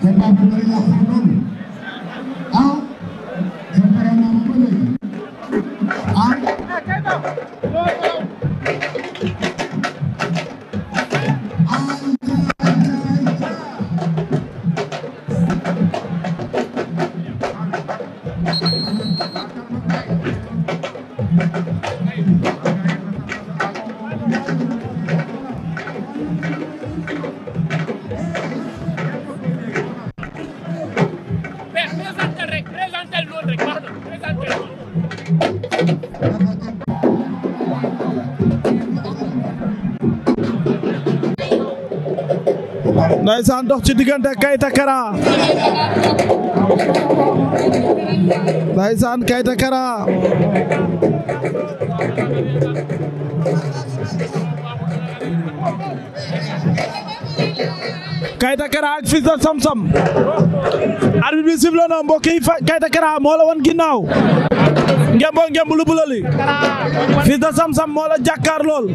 combat bi bëri yàqu noonu ah yow pare naa ma ba léegi ah Thank you. ndaysaan dox ci diggante Kayta Kara ndaysaan Kayta Kara Kayta Kara ak Fils Sam Sam arbitre bi sifflé na Kayta Kara moo la woon ginnaaw ngembo ngemb lu bula li Sam Sam moo la lool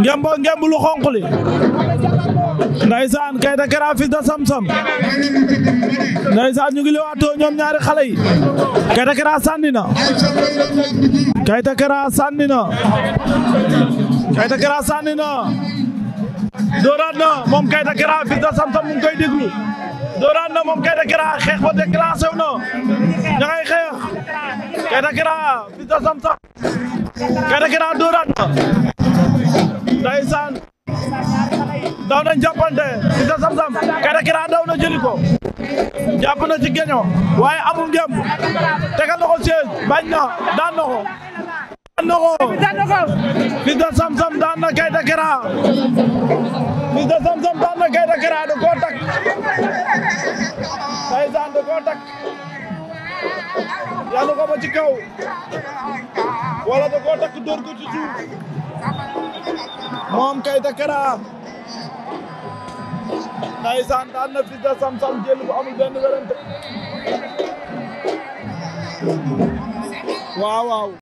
ngembo ngemb xonq li ndaysaan Kayta Kara fils de Samsam ndaysaan ñu ngi lewaatoo ñoom ñaari xale yi Kayta Kara sànni na Kayta Kara sànni na Kayta Kara sànni na dooraat na moom Kayta Kara fils de Samsam mu ngi koy déglu dooraat na moom Kayta Kara xeex ba déclenché wu na ña ngay xeex Kayta Kara fils de Samsam Kayta Kara dooraat na ndaysaan daw nañ jàppante Sam Sam Kaïré Kira daw na jëli ci geño waaye amul ngem tegal na ko bañ na daan na ko Sam Sam daan na Kaïré Kira Siteu Sam Sam daan na Kaïré Kira da koo tak ndeysaan da koo tak yàlla ko ba ci kaw wala da koo tak dóor ko ci moom Kaïré Kira ndeysaan daan na Fils de Sam